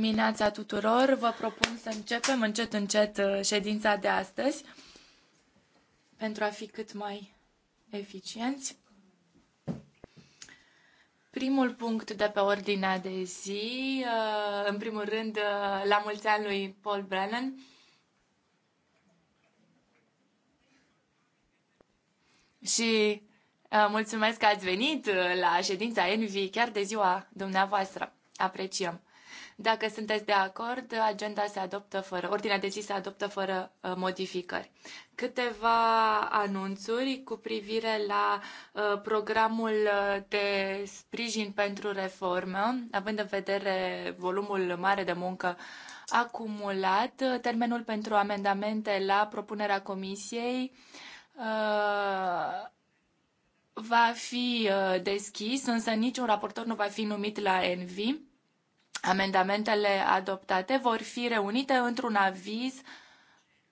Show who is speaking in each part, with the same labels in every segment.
Speaker 1: dimineața tuturor. Vă propun să începem încet, încet uh, ședința de astăzi pentru a fi cât mai eficienți. Primul punct de pe ordinea de zi, uh, în primul rând, uh, la mulți ani lui Paul Brennan. Și mulțumesc că ați venit la ședința Envy chiar de ziua dumneavoastră. Apreciem. Dacă sunteți de acord, agenda se adoptă fără, ordinea de zi se adoptă fără uh, modificări. Câteva anunțuri cu privire la uh, programul uh, de sprijin pentru reformă, având în vedere volumul mare de muncă acumulat, termenul pentru amendamente la propunerea comisiei va fi deschis, însă niciun raportor nu va fi numit la ENVI amendamentele adoptate vor fi reunite într-un aviz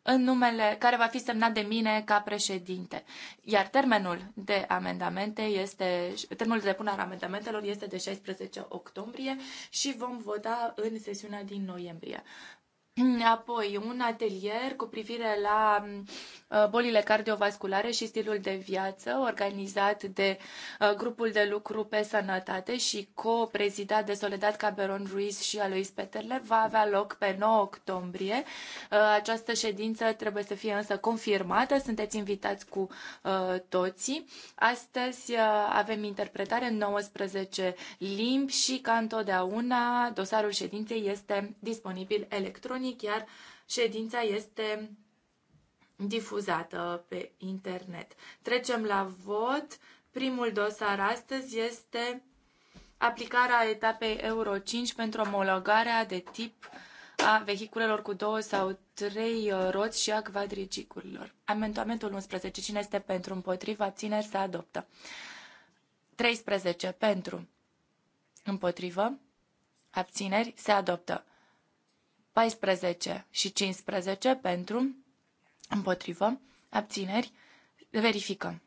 Speaker 1: în numele care va fi semnat de mine ca președinte. Iar termenul de amendamente este, termenul de depunere a amendamentelor este de 16 octombrie și vom vota în sesiunea din noiembrie. Apoi, un atelier cu privire la uh, bolile cardiovasculare și stilul de viață, organizat de uh, grupul de lucru pe sănătate și co-prezidat de Soledad Caberon Ruiz și Alois Peterle, va avea loc pe 9 octombrie. Uh, această ședință trebuie să fie însă confirmată, sunteți invitați cu toții. Astăzi avem interpretare în 19 limbi și, ca întotdeauna, dosarul ședinței este disponibil electronic zilnic, iar ședința este difuzată pe internet. Trecem la vot. Primul dosar astăzi este aplicarea etapei Euro 5 pentru omologarea de tip a vehiculelor cu două sau trei uh, roți și a quadricicurilor. Amendamentul 11. Cine este pentru? Împotriva? Abțineri? Se adoptă. 13. Pentru? Împotrivă? Abțineri? Se adoptă. 14 și 15 pentru, împotrivă, abțineri, verificăm.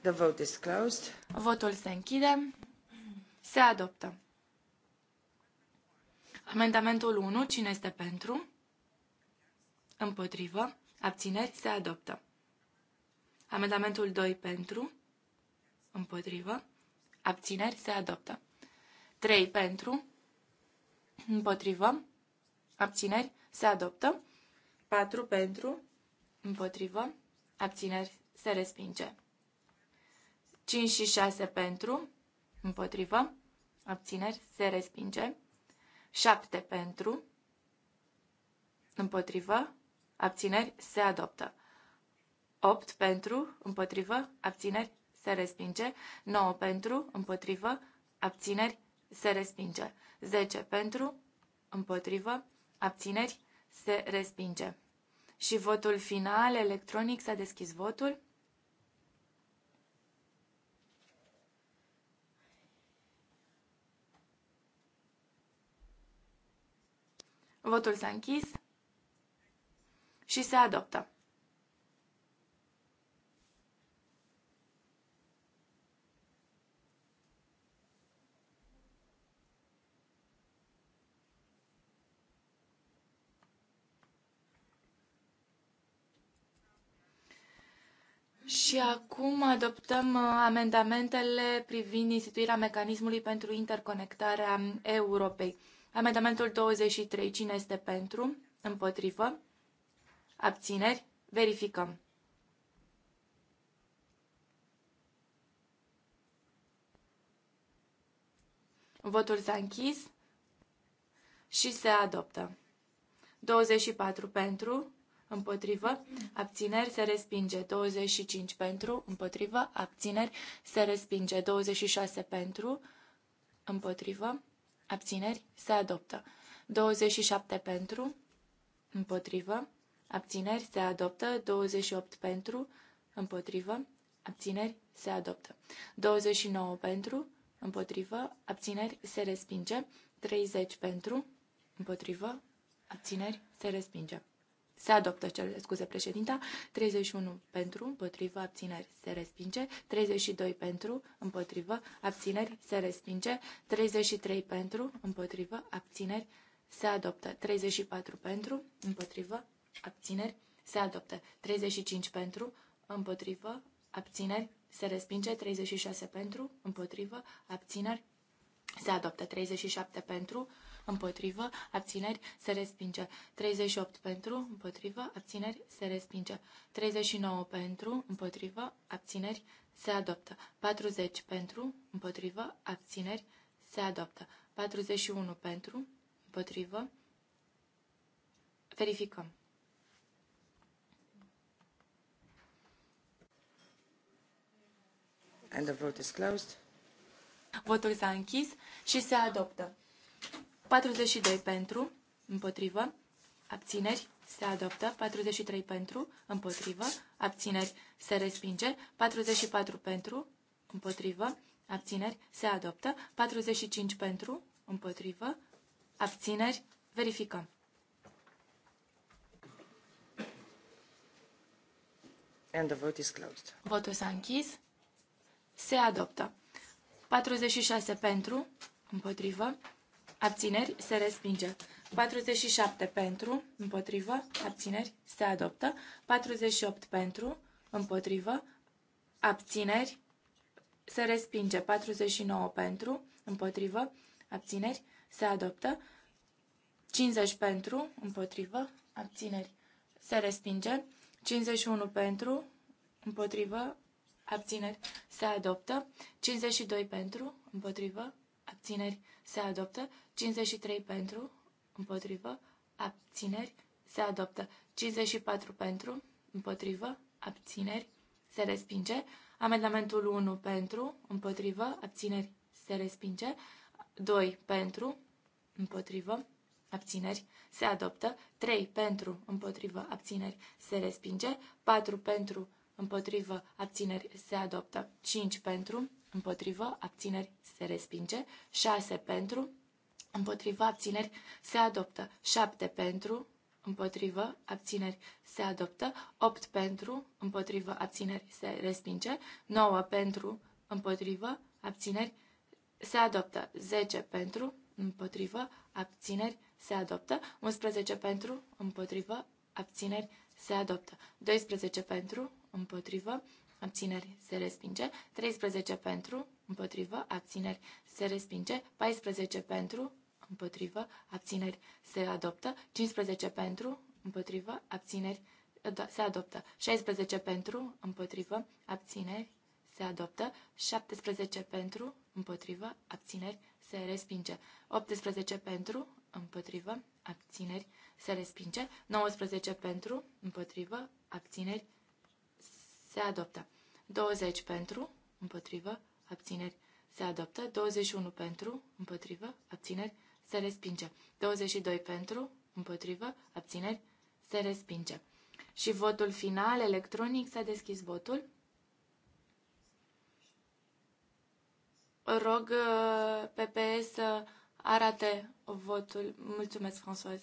Speaker 1: The vote is closed. Votul se închide. Se adoptă. Amendamentul 1. Cine este pentru? Împotrivă. Abțineri. Se adoptă. Amendamentul 2. Pentru împotrivă, abțineri se adoptă. 3 pentru, împotrivă, abțineri se adoptă. 4 pentru, împotrivă, abțineri se respinge. 5 și 6 pentru, împotrivă, abțineri se respinge. 7 pentru, împotrivă, abțineri se adoptă. 8 pentru, împotrivă, abțineri se respinge, 9 pentru, împotrivă, abțineri, se respinge, 10 pentru, împotrivă, abțineri, se respinge. Și votul final, electronic, s-a deschis votul. Votul s-a închis și se adoptă. Și acum adoptăm uh, amendamentele privind instituirea mecanismului pentru interconectarea Europei. Amendamentul 23. Cine este pentru? Împotrivă? Abțineri? Verificăm. Votul s-a închis și se adoptă. 24 pentru, împotrivă, abțineri se respinge 25 pentru, împotrivă, abțineri se respinge 26 pentru, împotrivă, abțineri se adoptă 27 pentru, împotrivă, abțineri se adoptă 28 pentru, împotrivă, abțineri se adoptă 29 pentru, împotrivă, abțineri se respinge 30 pentru, împotrivă, abțineri se respinge. Se adoptă, cel, scuze, președinta. 31 pentru, împotrivă, abțineri, se respinge. 32 pentru, împotrivă, abțineri, se respinge. 33 pentru, împotrivă, abțineri, se adoptă. 34 pentru, împotrivă, abțineri, se adoptă. 35 pentru, împotrivă, abțineri, se respinge. 36 pentru, împotrivă, abțineri, se adoptă. 37 pentru, împotrivă, împotrivă, abțineri, se respinge. 38 pentru, împotrivă, abțineri, se respinge. 39 pentru, împotrivă, abțineri, se adoptă. 40 pentru, împotrivă, abțineri, se adoptă. 41 pentru, împotrivă, verificăm.
Speaker 2: And the vote is closed.
Speaker 1: Votul s-a închis și se adoptă. 42 pentru, împotrivă, abțineri, se adoptă. 43 pentru, împotrivă, abțineri, se respinge. 44 pentru, împotrivă, abțineri, se adoptă. 45 pentru, împotrivă, abțineri, verificăm.
Speaker 2: And the vote is closed.
Speaker 1: Votul s-a închis. Se adoptă. 46 pentru, împotrivă, abțineri, se respinge. 47 pentru, împotrivă, abțineri, se adoptă. 48 pentru, împotrivă, abțineri, se respinge. 49 pentru, împotrivă, abțineri, se adoptă. 50 pentru, împotrivă, abțineri, se respinge. 51 pentru, împotrivă, abțineri, se adoptă. 52 pentru, împotrivă, abțineri, se adoptă. 53 pentru, împotrivă, abțineri, se adoptă. 54 pentru, împotrivă, abțineri, se respinge. Amendamentul 1 pentru, împotrivă, abțineri, se respinge. 2 pentru, împotrivă, abțineri, se adoptă. 3 pentru, împotrivă, abțineri, se respinge. 4 pentru, împotrivă, abțineri, se adoptă. 5 pentru, împotrivă, abțineri, se respinge. 6 pentru, împotriva abțineri se adoptă. 7 pentru, împotrivă, abțineri se adoptă. 8 pentru, împotrivă, abțineri se respinge. 9 pentru, împotrivă, abțineri se adoptă. 10 pentru, împotrivă, abțineri se adoptă. 11 pentru, împotrivă, abțineri se adoptă. 12 pentru, împotrivă, abțineri se respinge. 13 pentru, împotrivă, abțineri se respinge. 14 pentru, împotrivă, abțineri, se adoptă. 15 da, pentru, împotrivă, abțineri, se adoptă. 16 pentru, împotrivă, abțineri, se adoptă. 17 pentru, împotrivă, abțineri, se respinge. 18 pentru, împotrivă, abțineri, se respinge. 19 pentru, împotrivă, abțineri, se adoptă. 20 pentru, împotrivă, abțineri, se adoptă. 21 pentru, împotrivă, abțineri, se respinge. 22 pentru, împotrivă, abțineri, se respinge. Și votul final, electronic, s-a deschis votul. Rog uh, PPS să arate votul. Mulțumesc, François.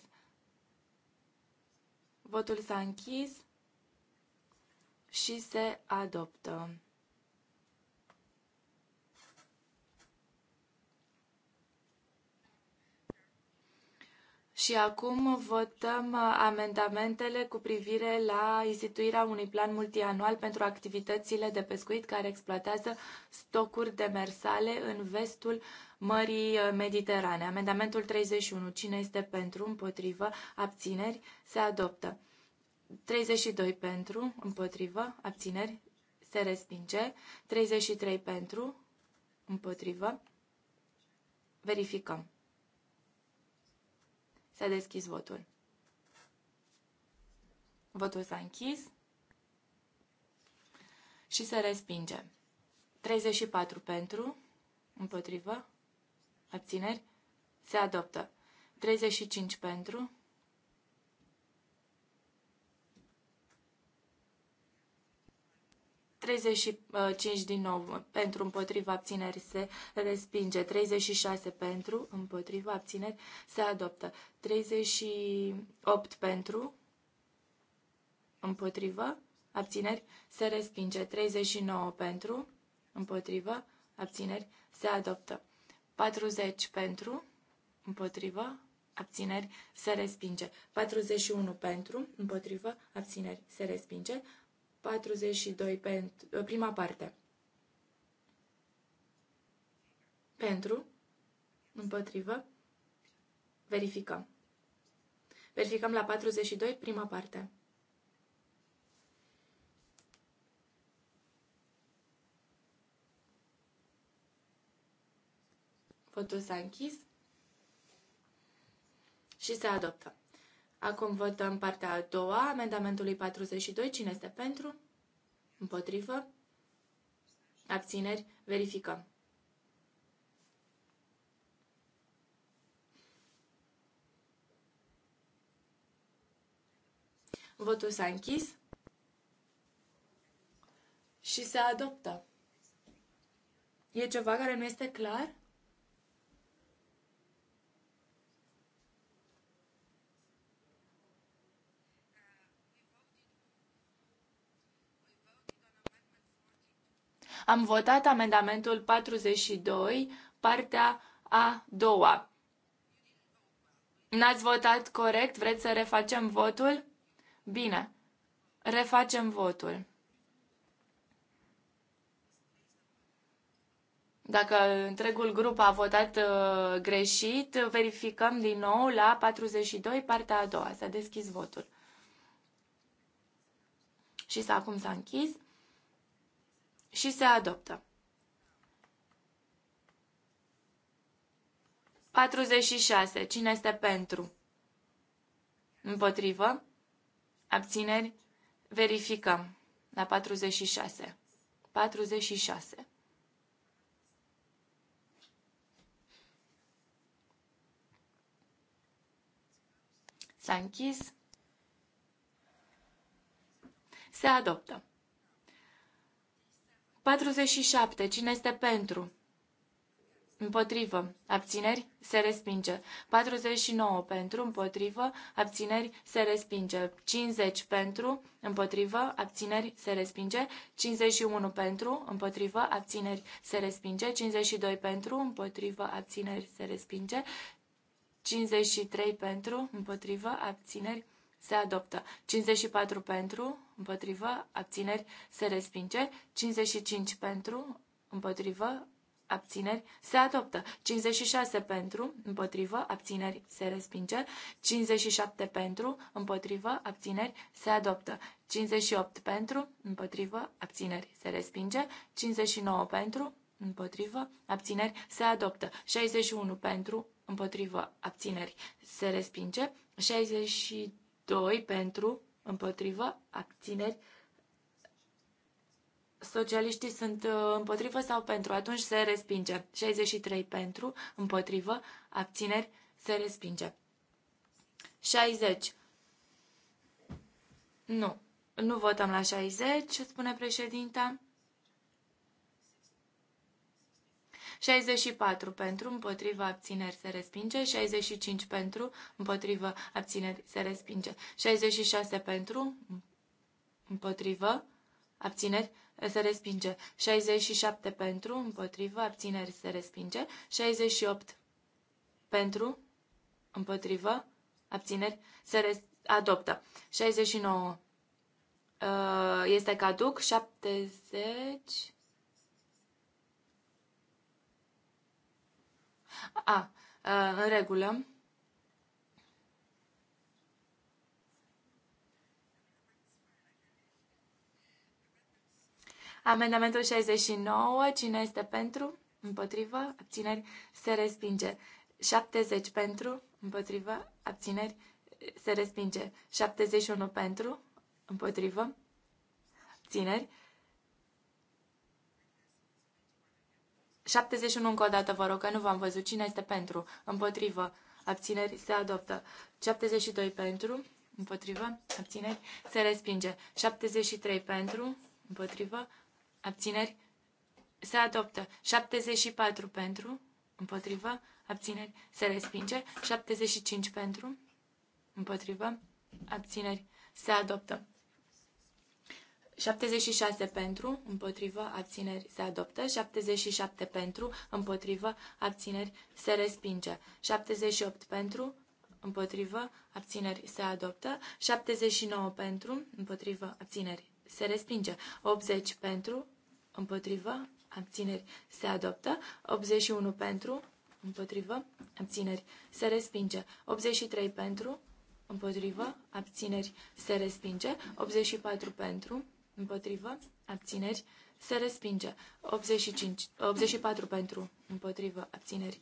Speaker 1: Votul s-a închis și se adoptă. Și acum votăm uh, amendamentele cu privire la instituirea unui plan multianual pentru activitățile de pescuit care exploatează stocuri demersale în vestul Mării uh, Mediterane. Amendamentul 31. Cine este pentru, împotrivă, abțineri, se adoptă. 32 pentru, împotrivă, abțineri, se respinge. 33 pentru, împotrivă, verificăm. S-a deschis votul. Votul s-a închis și se respinge. 34 pentru, împotrivă, abțineri, se adoptă. 35 pentru, 35 din nou pentru împotriva abțineri se respinge. 36 pentru împotriva abțineri se adoptă. 38 pentru împotriva abțineri se respinge. 39 pentru împotriva abțineri se adoptă. 40 pentru împotriva abțineri se respinge. 41 pentru, împotriva abțineri se respinge. 42 pentru uh, prima parte. Pentru, împotrivă, verificăm. Verificăm la 42 prima parte. Votul s-a închis și se adoptă. Acum votăm partea a doua, amendamentului 42. Cine este pentru? Împotrivă? Abțineri? Verificăm. Votul s-a închis și se adoptă. E ceva care nu este clar? Am votat amendamentul 42, partea a doua. N-ați votat corect? Vreți să refacem votul? Bine, refacem votul. Dacă întregul grup a votat uh, greșit, verificăm din nou la 42, partea a doua. S-a deschis votul. Și s-a acum s-a închis și se adoptă. 46. Cine este pentru? Împotrivă? Abțineri? Verificăm. La 46. 46. S-a închis. Se adoptă. 47. Cine este pentru? Împotrivă. Abțineri? Se respinge. 49 pentru, împotrivă, abțineri, se respinge. 50 pentru, împotrivă, abțineri, se respinge. 51 pentru, împotrivă, abțineri, se respinge. 52 pentru, împotrivă, abțineri, se respinge. 53 pentru, împotrivă, abțineri, se respinge se adoptă. 54 pentru, împotrivă, abțineri, se respinge. 55 pentru, împotrivă, abțineri, se adoptă. 56 pentru, împotrivă, abțineri, se respinge. 57 pentru, împotrivă, abțineri, se adoptă. 58 pentru, împotrivă, abțineri, se respinge. 59 pentru, împotrivă, abțineri, se adoptă. 61 pentru, împotrivă, abțineri, se respinge. 62 2 pentru, împotrivă, abțineri. Socialiștii sunt uh, împotrivă sau pentru, atunci se respinge. 63 pentru, împotrivă, abțineri, se respinge. 60. Nu, nu votăm la 60, spune președinta. 64 pentru, împotriva abțineri se respinge, 65 pentru, împotriva abțineri se respinge, 66 pentru, împotriva abțineri se respinge, 67 pentru, împotriva abțineri se respinge, 68 pentru, împotriva abțineri se res- adoptă, 69 uh, este caduc, 70 A, în regulă. Amendamentul 69, cine este pentru? Împotrivă, abțineri, se respinge. 70 pentru, împotrivă, abțineri, se respinge. 71 pentru, împotrivă, abțineri, 71 încă o dată, vă rog, că nu v-am văzut. Cine este pentru? Împotrivă. Abțineri se adoptă. 72 pentru. Împotrivă. Abțineri se respinge. 73 pentru. Împotrivă. Abțineri se adoptă. 74 pentru. Împotrivă. Abțineri se respinge. 75 pentru. Împotrivă. Abțineri se adoptă. 76 pentru, împotrivă, abțineri se adoptă, 77 pentru, împotrivă, abțineri se respinge, 78 pentru, împotrivă, abțineri se adoptă, 79 pentru, împotrivă, abțineri se respinge, 80 pentru, împotrivă, abțineri se adoptă, 81 pentru, împotrivă, abțineri se respinge, 83 pentru, împotrivă, abțineri se respinge, 84 pentru, împotrivă, abțineri, se respinge. 85, 84 pentru, împotrivă, abțineri.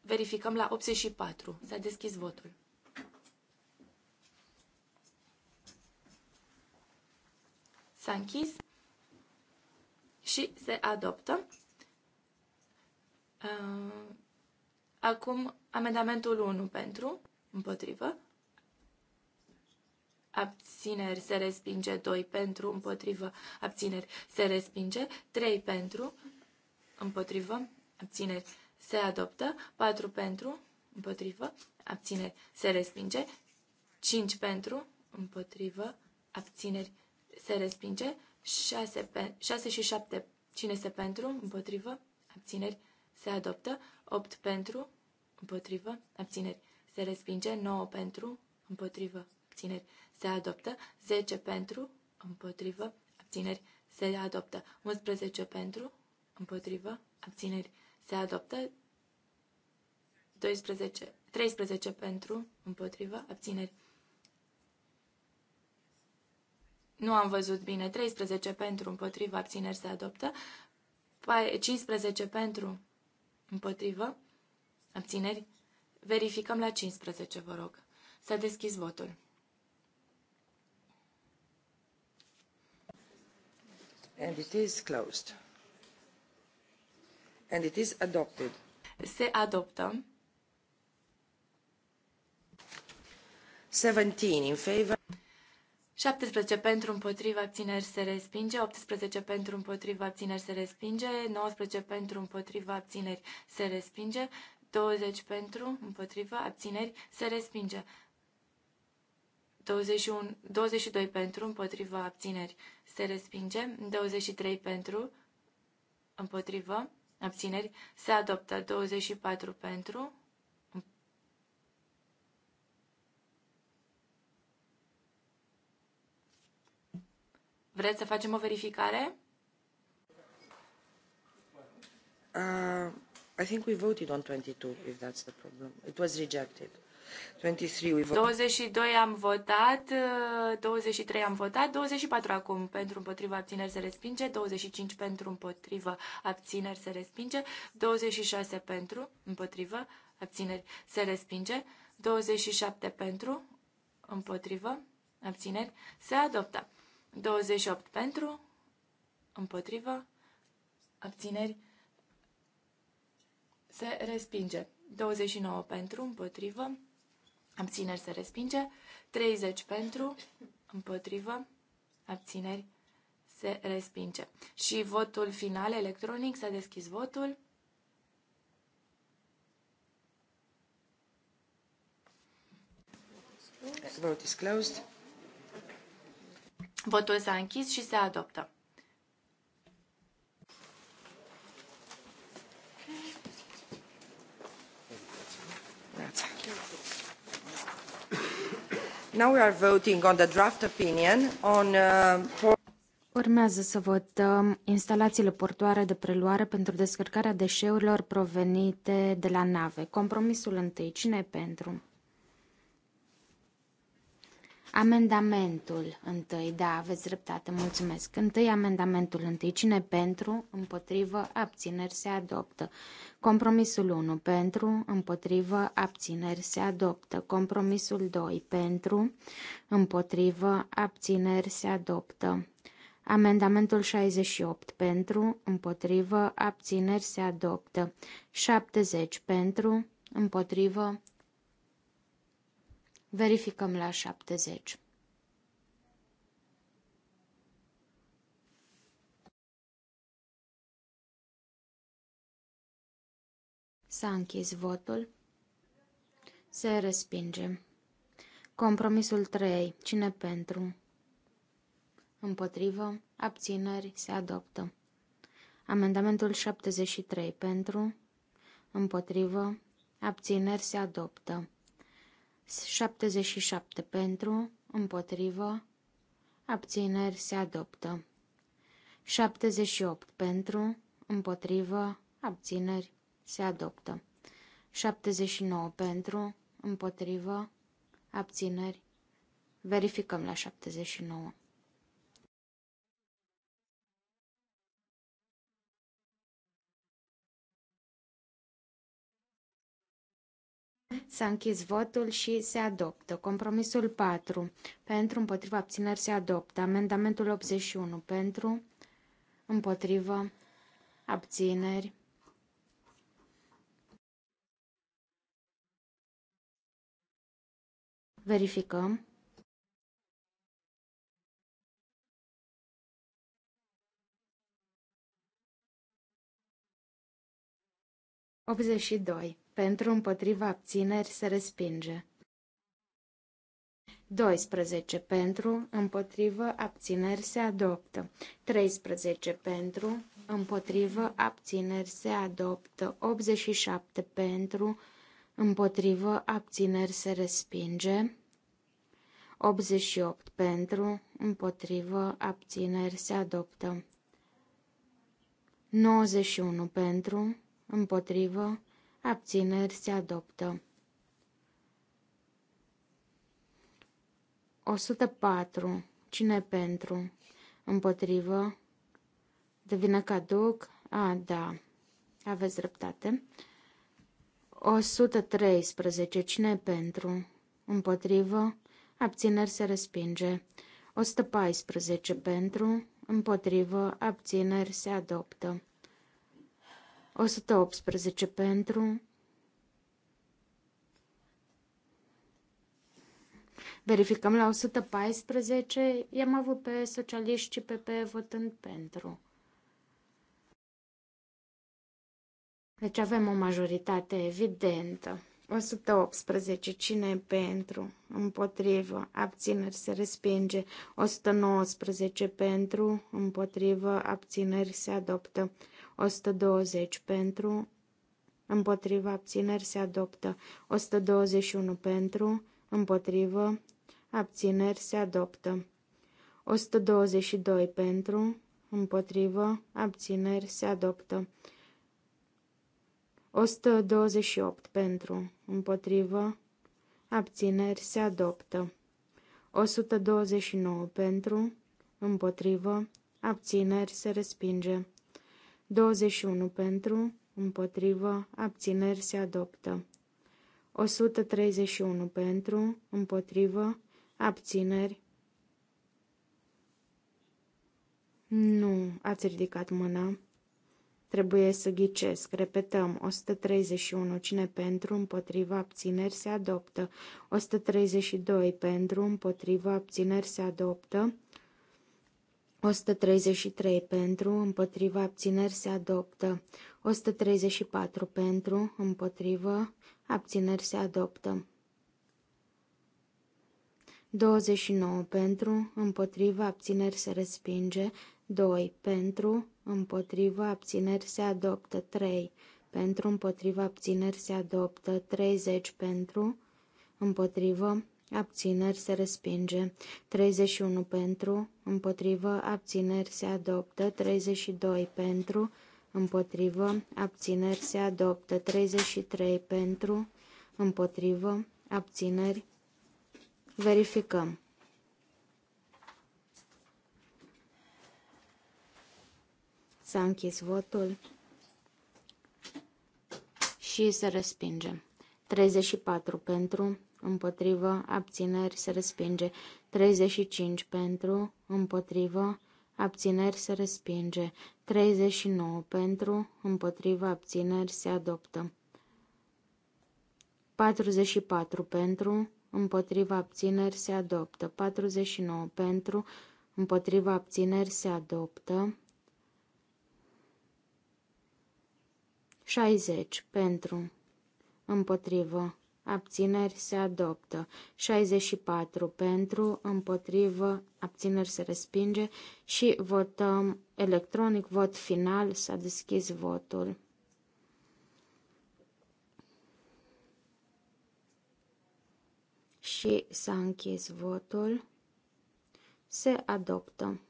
Speaker 1: Verificăm la 84. S-a deschis votul. S-a închis și se adoptă. Acum amendamentul 1 pentru, împotrivă, abțineri se respinge, 2 pentru, împotrivă, abțineri se respinge, 3 pentru, împotrivă, abțineri se adoptă, 4 pentru, împotrivă, abțineri se respinge, 5 pentru, împotrivă, abțineri se respinge, 6, pe, 6 și 7 cine se pentru, împotrivă, abțineri se adoptă, 8 pentru, împotrivă, abțineri se respinge, 9 pentru, împotrivă, abțineri se adoptă, 10 pentru, împotrivă, abțineri, se adoptă, 11 pentru, împotrivă, abțineri, se adoptă, 12, 13 pentru, împotrivă, abțineri. Nu am văzut bine. 13 pentru, împotrivă, abțineri se adoptă. 15 pentru, împotrivă, abțineri. Verificăm la 15, vă rog. S-a deschis votul. And it is Se adoptă. 17 in favor. 17 pentru împotriva abțineri se respinge, 18 pentru împotriva abțineri se respinge, 19 pentru împotriva abțineri se respinge, 20 pentru împotriva abțineri se respinge, 21, 22 pentru, împotriva abțineri se respinge, 23 pentru, împotrivă, abțineri se adoptă, 24 pentru, Vreți să facem o verificare?
Speaker 2: Uh, I think we voted on 22, if that's the problem. It was rejected. 23,
Speaker 1: 22 am votat, 23 uh, am votat, 24 acum pentru împotriva abțineri se respinge, 25 pentru împotriva abțineri se respinge, 26 pentru împotriva abțineri se respinge, 27 pentru împotriva abțineri se adoptă, 28 pentru împotriva abțineri se respinge, 29 pentru împotriva abțineri se respinge, 30 pentru, împotrivă, abțineri se respinge. Și votul final electronic, s-a deschis votul. Vote is closed. Votul s-a închis și se adoptă.
Speaker 2: Now we are voting on the draft opinion on
Speaker 3: uh, Urmează să votăm instalațiile portoare de preluare pentru descărcarea deșeurilor provenite de la nave. Compromisul întâi. Cine e pentru? Amendamentul întâi, da, aveți dreptate, mulțumesc. Întâi amendamentul întâi, cine pentru, împotrivă, abțineri se adoptă. Compromisul 1, pentru, împotrivă, abțineri se adoptă. Compromisul 2, pentru, împotrivă, abțineri se adoptă. Amendamentul 68 pentru, împotrivă, abțineri se adoptă. 70 pentru, împotrivă, Verificăm la 70. S-a închis votul. Se respinge. Compromisul 3. Cine pentru? Împotrivă. Abțineri. Se adoptă. Amendamentul 73. Pentru. Împotrivă. Abțineri. Se adoptă. 77 pentru, împotrivă, abțineri se adoptă. 78 pentru, împotrivă, abțineri se adoptă. 79 pentru, împotrivă, abțineri. Verificăm la 79. S-a închis votul și se adoptă. Compromisul 4. Pentru, împotriva, abțineri se adoptă. Amendamentul 81. Pentru, împotriva, abțineri.
Speaker 1: Verificăm.
Speaker 3: Optzeci și pentru împotriva abțineri se respinge. 12 pentru, împotrivă, abțineri se adoptă. 13 pentru, împotrivă, abțineri se adoptă. 87 pentru, împotrivă, abțineri se respinge. 88 pentru, împotrivă, abțineri se adoptă. 91 pentru, împotrivă, abțineri se adoptă. 104. Cine pentru? Împotrivă? Devine caduc? A, da. Aveți dreptate. 113. Cine pentru? Împotrivă? Abțineri se respinge. 114. Pentru? Împotrivă? Abțineri se adoptă. 118 pentru. Verificăm la 114. I-am avut pe socialiști și PP votând pentru. Deci avem o majoritate evidentă. 118. Cine e pentru? Împotrivă. Abțineri se respinge. 119 pentru. Împotrivă. Abțineri se adoptă. 120 pentru, împotriva abțineri se adoptă. 121 pentru, împotrivă, abțineri se adoptă. 122 pentru, împotrivă, abțineri se adoptă. 128 pentru, împotrivă, abțineri se adoptă. 129 pentru, împotrivă, abțineri se respinge. 21 pentru, împotrivă, abțineri se adoptă. 131 pentru, împotrivă, abțineri. Nu, ați ridicat mâna. Trebuie să ghicesc. Repetăm. 131. Cine pentru, împotriva, abțineri se adoptă. 132. Pentru, împotriva, abțineri se adoptă. 133 pentru, împotriva abțineri se adoptă. 134 pentru, împotrivă, abțineri se adoptă. 29 pentru, împotriva abțineri se respinge. 2 pentru, împotriva abțineri se adoptă. 3 pentru, împotriva abțineri se adoptă. 30 pentru, împotrivă, Abțineri se respinge. 31 pentru, împotrivă, abțineri se adoptă. 32 pentru, împotrivă, abțineri se adoptă. 33 pentru, împotrivă, abțineri. Verificăm. S-a închis votul și se respinge. 34 pentru, împotrivă, abțineri, se respinge. 35 pentru, împotrivă, abțineri, se respinge. 39 pentru, împotrivă, abțineri, se adoptă. 44 pentru, împotriva abțineri se adoptă. 49 pentru, împotriva abțineri se adoptă. 60 pentru, împotrivă, abțineri se adoptă. 64 pentru, împotrivă, abțineri se respinge și votăm electronic, vot final, s-a deschis votul. Și s-a închis votul. Se adoptă.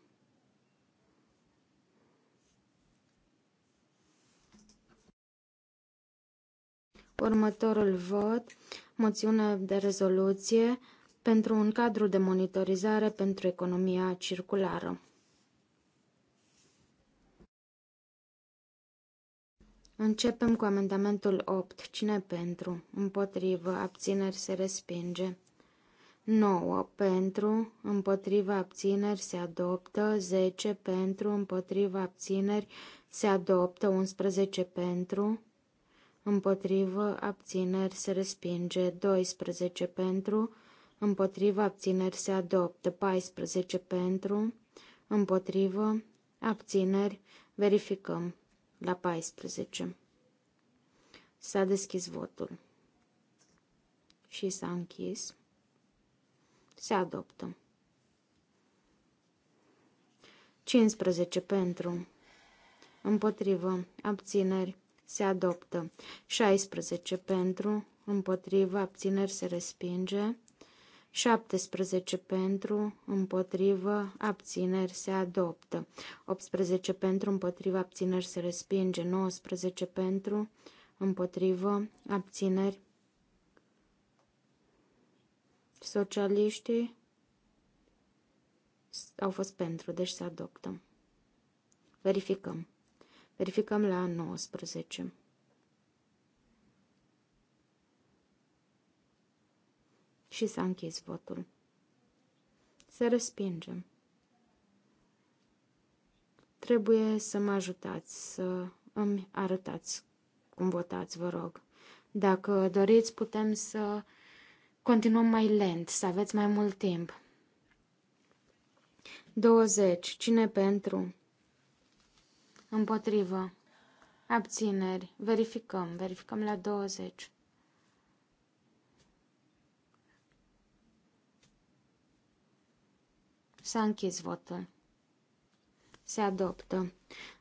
Speaker 3: Următorul vot, moțiune de rezoluție pentru un cadru de monitorizare pentru economia circulară. Începem cu amendamentul 8. Cine pentru? Împotrivă. Abțineri se respinge. 9. Pentru. Împotrivă. Abțineri se adoptă. 10. Pentru. Împotrivă. Abțineri se adoptă. 11. Pentru împotrivă, abțineri se respinge, 12 pentru, împotrivă, abțineri se adoptă, 14 pentru, împotrivă, abțineri, verificăm la 14. S-a deschis votul și s-a închis. Se adoptă. 15 pentru, împotrivă, abțineri, se adoptă. 16 pentru, împotrivă, abțineri se respinge. 17 pentru, împotrivă, abțineri se adoptă. 18 pentru, împotrivă, abțineri se respinge. 19 pentru, împotrivă, abțineri. Socialiștii au fost pentru, deci se adoptă. Verificăm. Verificăm la 19. Și s-a închis votul. Să respingem. Trebuie să mă ajutați să îmi arătați cum votați, vă rog. Dacă doriți, putem să continuăm mai lent, să aveți mai mult timp. 20. Cine pentru? Împotrivă. Abțineri. Verificăm. Verificăm la 20. S-a închis votul. Se adoptă.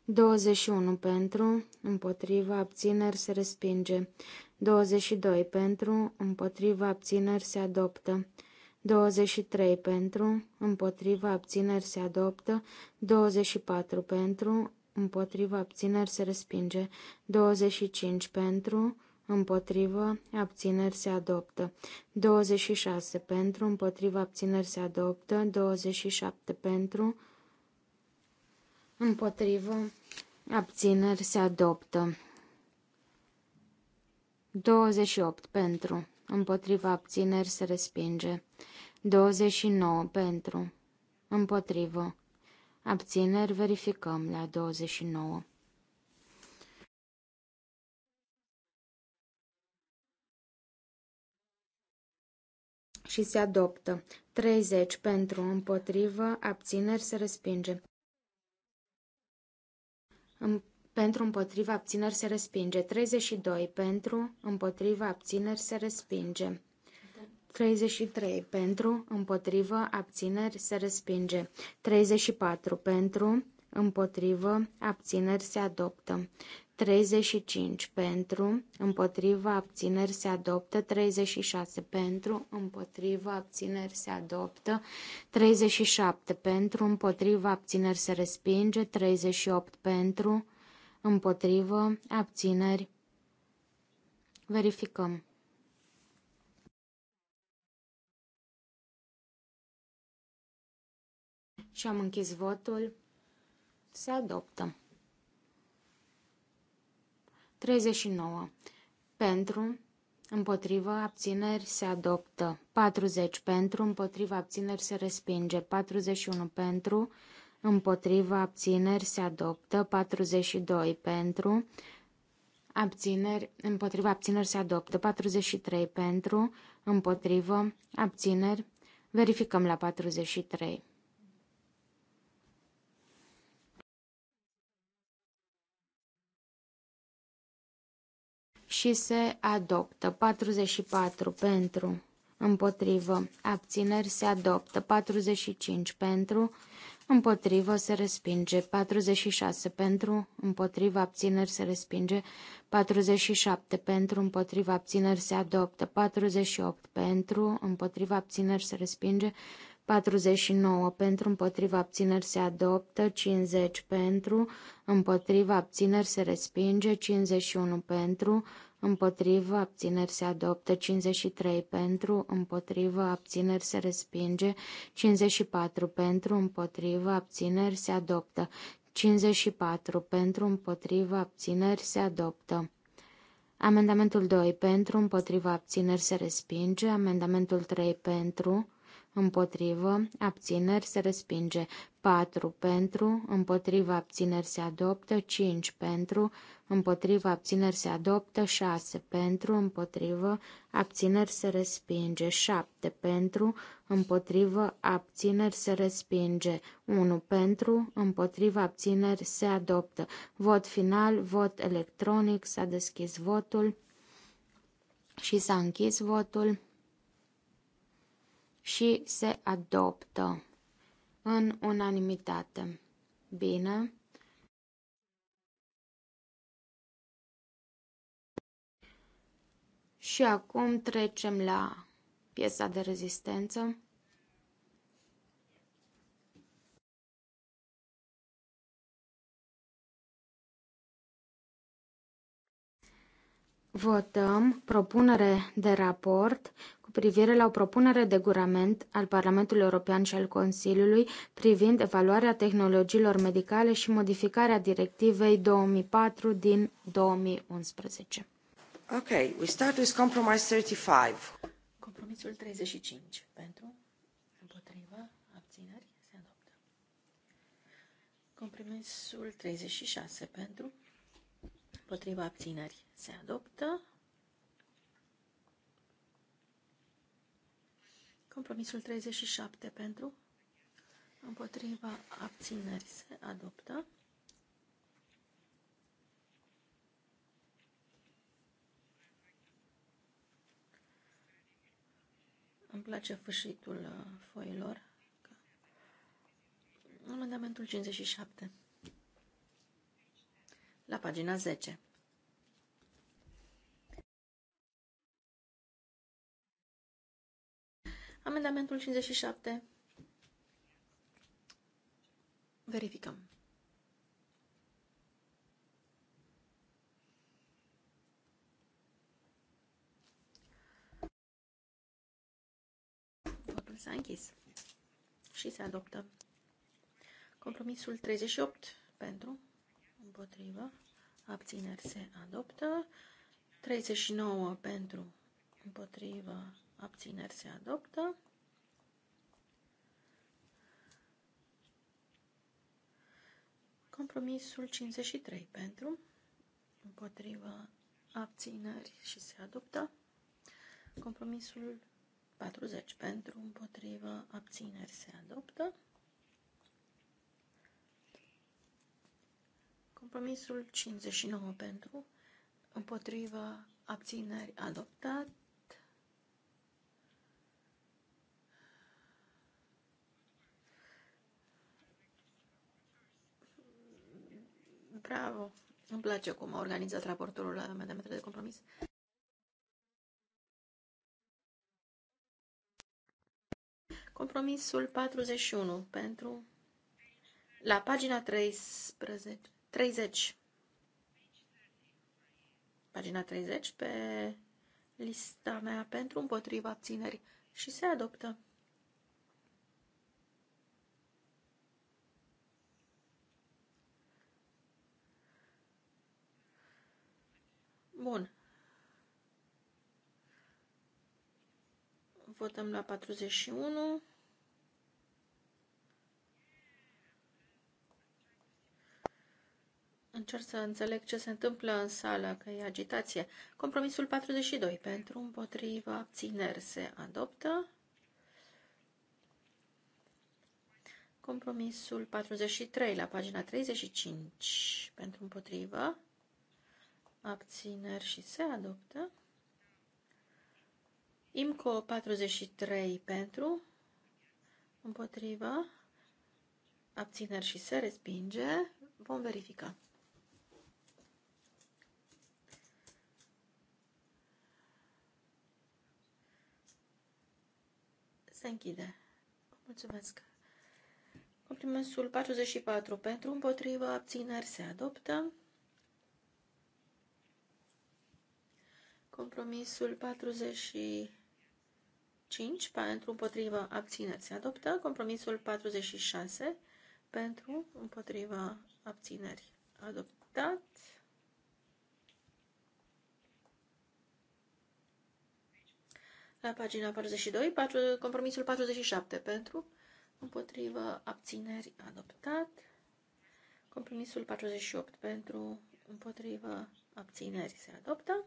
Speaker 3: 21 pentru, împotriva, abțineri, se respinge. 22 pentru, împotriva, abțineri, se adoptă. 23 pentru, împotriva, abțineri, se adoptă. 24 pentru, împotrivă, abțineri se respinge. 25 pentru, împotrivă, abțineri se adoptă. 26 pentru, împotrivă, abțineri se adoptă. 27 pentru, împotrivă, abțineri se adoptă. 28 pentru, împotriva abțineri se respinge. 29 pentru, împotrivă, Abțineri verificăm la 29. și se adoptă. 30 pentru, împotrivă, abțineri se respinge. În, pentru, împotrivă, abțineri se respinge. 32 pentru, împotrivă, abțineri se respinge. 33. Pentru, împotrivă, abțineri, se respinge. 34. Pentru, împotrivă, abțineri, se adoptă. 35 pentru, împotrivă, abțineri se adoptă, 36 pentru, împotrivă, abțineri se adoptă, 37 pentru, împotrivă, abțineri se respinge, 38 pentru, împotrivă, abțineri. Verificăm. Și am închis votul. Se adoptă. 39. Pentru, împotrivă, abțineri se adoptă. 40. Pentru, împotrivă, abțineri se respinge. 41. Pentru, împotrivă, abțineri se adoptă. 42. Pentru, abțineri, împotrivă, abțineri se adoptă. 43. Pentru, împotrivă, abțineri. Verificăm la 43. și se adoptă. 44 pentru, împotrivă, abțineri se adoptă. 45 pentru, împotrivă se respinge. 46 pentru, împotrivă, abțineri se respinge. 47 pentru, împotrivă, abțineri se adoptă. 48 pentru, împotrivă, abțineri se respinge. 49 pentru, împotriva abțineri se adoptă, 50 pentru, împotriva abțineri se respinge, 51 pentru, împotriva abțineri se adoptă, 53 pentru, împotriva abțineri se respinge, 54 pentru, împotriva abțineri se adoptă, 54 pentru, împotriva abțineri se adoptă. Amendamentul 2 pentru, împotriva abțineri se respinge, amendamentul 3 pentru, împotrivă, abțineri se respinge, 4 pentru, împotrivă abțineri se adoptă, 5 pentru, împotrivă abțineri se adoptă, 6 pentru, împotrivă, abțineri se respinge, 7 pentru, împotrivă, abțineri se respinge, 1 pentru, împotrivă abțineri se adoptă. Vot final, vot electronic, s-a deschis votul și s-a închis votul și se adoptă în unanimitate. Bine. Și acum trecem la piesa de rezistență. Votăm propunere de raport cu privire la o propunere de regulament al Parlamentului European și al Consiliului privind evaluarea tehnologiilor medicale și modificarea directivei 2004 din 2011. Okay, we start with compromise 35. Compromisul 35
Speaker 2: pentru împotriva abțineri se adoptă. Compromisul 36 pentru împotriva abțineri se adoptă. Compromisul 37 pentru, împotriva abținerii se adoptă. Îmi place fâșitul uh, foilor. Amendamentul 57. La pagina 10. Amendamentul 57. Verificăm. Votul s-a închis și se adoptă. Compromisul 38 pentru, împotrivă, abțineri se adoptă, 39 pentru, împotrivă, abțineri se adoptă. Compromisul 53 pentru, împotriva abțineri și se adoptă. Compromisul 40 pentru, împotriva abțineri se adoptă. Compromisul 59 pentru, împotriva abțineri adoptat. Bravo! Îmi place cum a organizat raportul la amendamentele de compromis. Compromisul 41 pentru la pagina 13, 30. Pagina 30 pe lista mea pentru împotriva abțineri și se adoptă. Bun. Votăm la 41. Încerc să înțeleg ce se întâmplă în sală, că e agitație. Compromisul 42. Pentru împotriva abțineri se adoptă. Compromisul 43 la pagina 35. Pentru împotriva abțineri și se adoptă. IMCO 43 pentru, împotrivă, abțineri și se respinge. Vom verifica. Se închide. Mulțumesc. Compromisul 44 pentru împotrivă abțineri se adoptă. Compromisul 45 pentru împotriva abțineri se adoptă. Compromisul 46 pentru împotriva abțineri adoptat. La pagina 42, 4, compromisul 47 pentru împotriva abțineri adoptat. Compromisul 48 pentru împotriva abțineri se adoptă.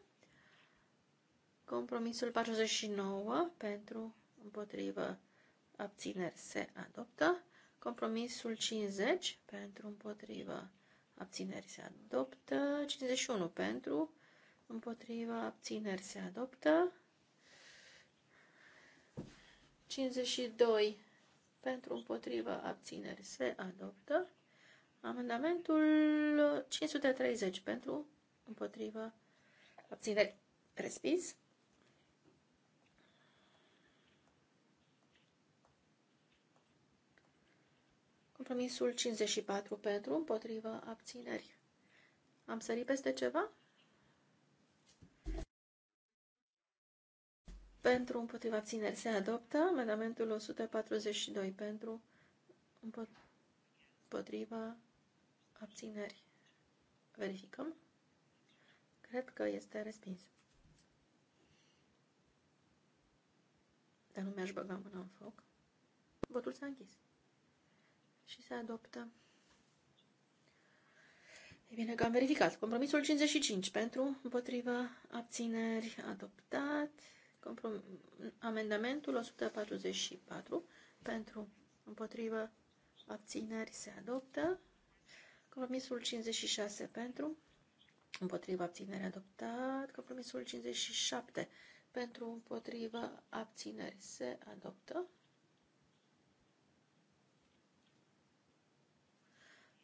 Speaker 2: Compromisul 49 pentru împotrivă abțineri se adoptă. Compromisul 50 pentru împotrivă abțineri se adoptă. 51 pentru împotrivă abțineri se adoptă. 52 pentru împotrivă abțineri se adoptă. Amendamentul 530 pentru împotrivă abțineri respins. Compromisul 54 pentru, împotrivă, abțineri. Am sărit peste ceva? Pentru, împotriva, abțineri se adoptă. Amendamentul 142 pentru, împotriva, abțineri. Verificăm. Cred că este respins. Dar nu mi-aș băga mâna în foc. Votul s-a închis și se adoptă. E bine că am verificat. Compromisul 55 pentru, împotriva, abțineri, adoptat. Comprom amendamentul 144 pentru, împotriva, abțineri, se adoptă. Compromisul 56 pentru, împotriva, abțineri, adoptat. Compromisul 57 pentru, împotriva, abțineri, se adoptă.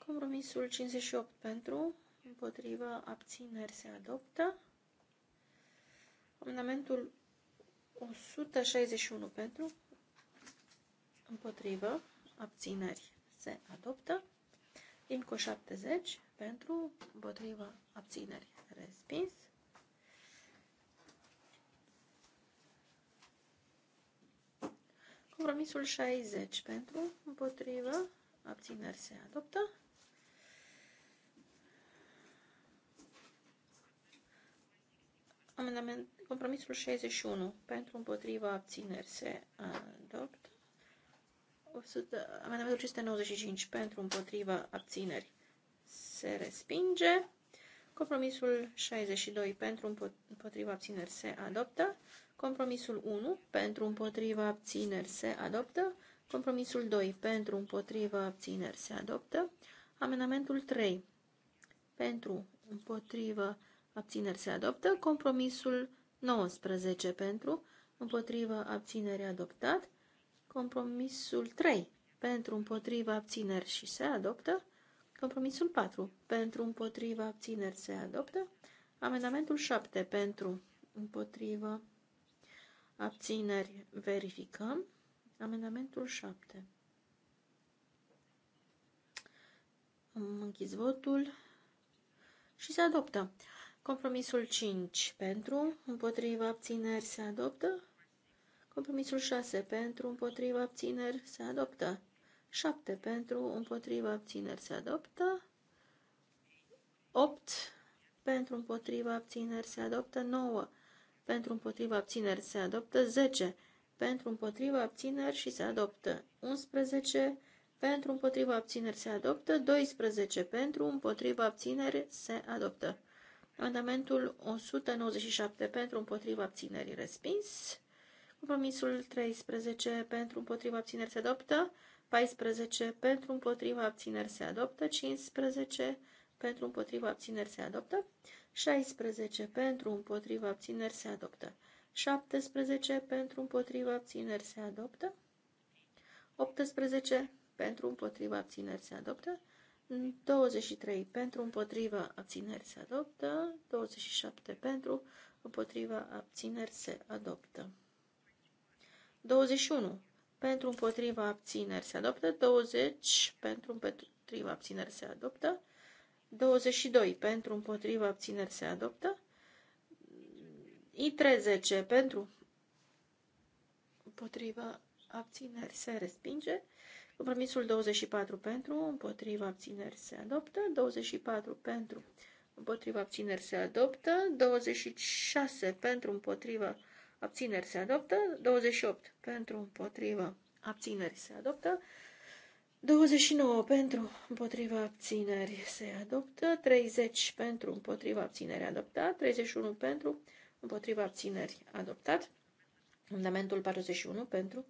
Speaker 2: Compromisul 58 pentru, împotrivă, abțineri se adoptă. Amendamentul 161 pentru, împotrivă, abțineri se adoptă. Inco 70 pentru, împotrivă, abțineri respins. Compromisul 60 pentru, împotrivă, abțineri se adoptă. Amendament, compromisul 61 pentru împotriva abțineri se adoptă. 100, amendamentul 595 pentru împotriva abțineri se respinge. Compromisul 62 pentru împotriva abțineri se adoptă. Compromisul 1 pentru împotriva abțineri se adoptă. Compromisul 2 pentru împotriva abțineri se adoptă. Amendamentul 3 pentru împotriva abțineri abțineri se adoptă. Compromisul 19 pentru, împotrivă, abțineri adoptat. Compromisul 3 pentru, împotrivă, abțineri și se adoptă. Compromisul 4 pentru, împotrivă, abțineri se adoptă. Amendamentul 7 pentru, împotrivă, abțineri verificăm. Amendamentul 7. Am închis votul și se adoptă. Compromisul 5 pentru, împotriva abțineri se adoptă. Compromisul 6 pentru, împotriva abțineri se adoptă. 7 pentru, împotriva abțineri se adoptă. 8 pentru, împotriva abțineri se adoptă. 9 pentru, împotriva abțineri se adoptă. 10 pentru, împotriva abțineri și se adoptă. 11 pentru, împotriva abțineri se adoptă. 12 pentru, împotriva abțineri se adoptă. Amendamentul 197 pentru împotriva abținerii respins. Compromisul 13 pentru împotriva abțineri se adoptă. 14 pentru împotriva abțineri se adoptă. 15 pentru împotriva abțineri se adoptă. 16 pentru împotriva abțineri se adoptă. 17 pentru împotriva abțineri se adoptă. 18 pentru împotriva abțineri se adoptă. 23 pentru, împotriva abțineri se adoptă, 27 pentru, împotriva abțineri se adoptă. 21 pentru, împotriva abțineri se adoptă, 20 pentru, împotriva abțineri se adoptă, 22 pentru, împotriva abțineri se adoptă, I30 pentru, împotriva abțineri se respinge, Compromisul 24 pentru, împotriva abțineri se adoptă, 24 pentru, împotriva abțineri se adoptă, 26 pentru, împotriva abțineri se adoptă, 28 pentru, împotriva abțineri se adoptă, 29 pentru, împotriva abțineri se adoptă, 30 pentru, împotriva abțineri adoptat, 31 pentru, împotriva abțineri adoptat, fundamentul 41 pentru,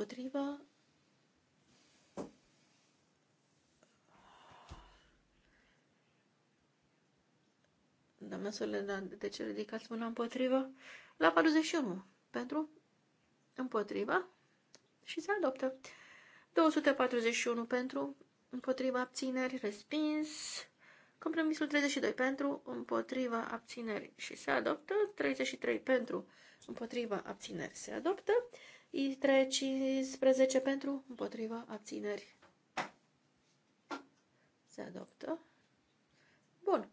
Speaker 2: potrivă. Doamna Solena, de ce ridicați mâna împotrivă? La 41. Pentru? Împotriva. Și se adoptă. 241 pentru, împotriva abțineri, respins. Compromisul 32 pentru, împotriva abțineri și se adoptă. 33 pentru, împotriva abțineri se adoptă. ITRE 15 pentru, împotriva, abțineri. Se adoptă. Bun.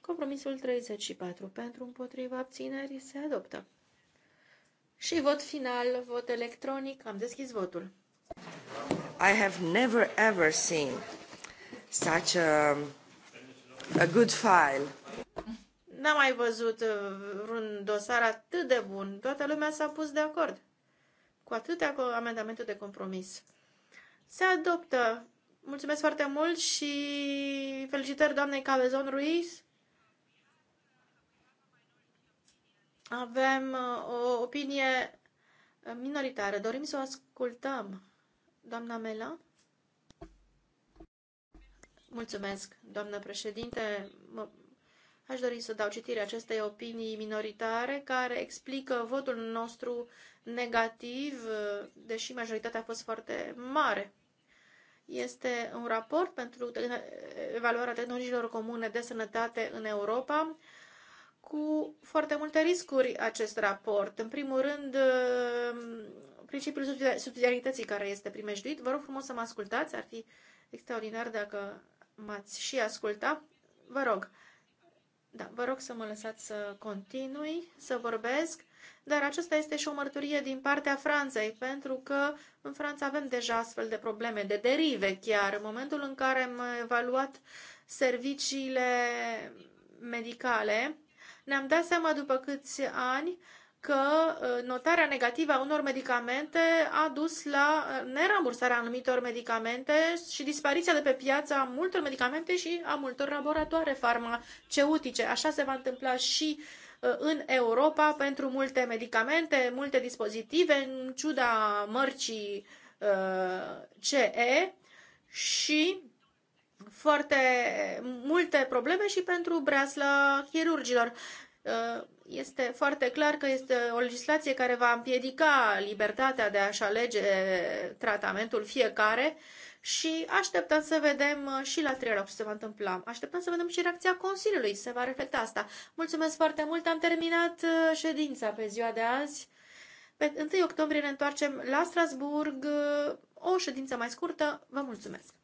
Speaker 2: Compromisul 34 pentru, împotriva, abțineri. Se adoptă. Și vot final, vot electronic. Am deschis votul. I have never ever seen such a, a good file. N-am mai văzut uh, un dosar atât de bun. Toată lumea s-a pus de acord cu atâtea amendamente de compromis. Se adoptă. Mulțumesc foarte mult și felicitări doamnei Cabezon Ruiz. Avem uh, o opinie uh, minoritară. Dorim să o ascultăm. Doamna Mela? Mulțumesc, doamnă președinte. Aș dori să dau citire acestei opinii minoritare care explică votul nostru negativ, deși majoritatea a fost foarte mare. Este un raport pentru evaluarea tehnologiilor comune de sănătate în Europa cu foarte multe riscuri acest raport. În primul rând, principiul subsidiarității care este primejduit. Vă rog frumos să mă ascultați, ar fi extraordinar dacă m-ați și asculta. Vă rog. Da, vă rog să mă lăsați să continui, să vorbesc, dar aceasta este și o mărturie din partea Franței, pentru că în Franța avem deja astfel de probleme, de derive chiar. În momentul în care am evaluat serviciile medicale, ne-am dat seama după câți ani că uh, notarea negativă a unor medicamente a dus la uh, nerambursarea anumitor medicamente și dispariția de pe piață a multor medicamente și a multor laboratoare farmaceutice. Așa se va întâmpla și uh, în Europa pentru multe medicamente, multe dispozitive, în ciuda mărcii CE și foarte multe probleme și pentru breasla chirurgilor. Uh, este foarte clar că este o legislație care va împiedica libertatea de a-și alege tratamentul fiecare și așteptăm să vedem uh, și la trilog ce se va întâmpla. Așteptăm să vedem și reacția Consiliului, se va reflecta asta. Mulțumesc foarte mult, am terminat uh, ședința pe ziua de azi. Pe 1 octombrie ne întoarcem la Strasburg, o ședință mai scurtă. Vă mulțumesc!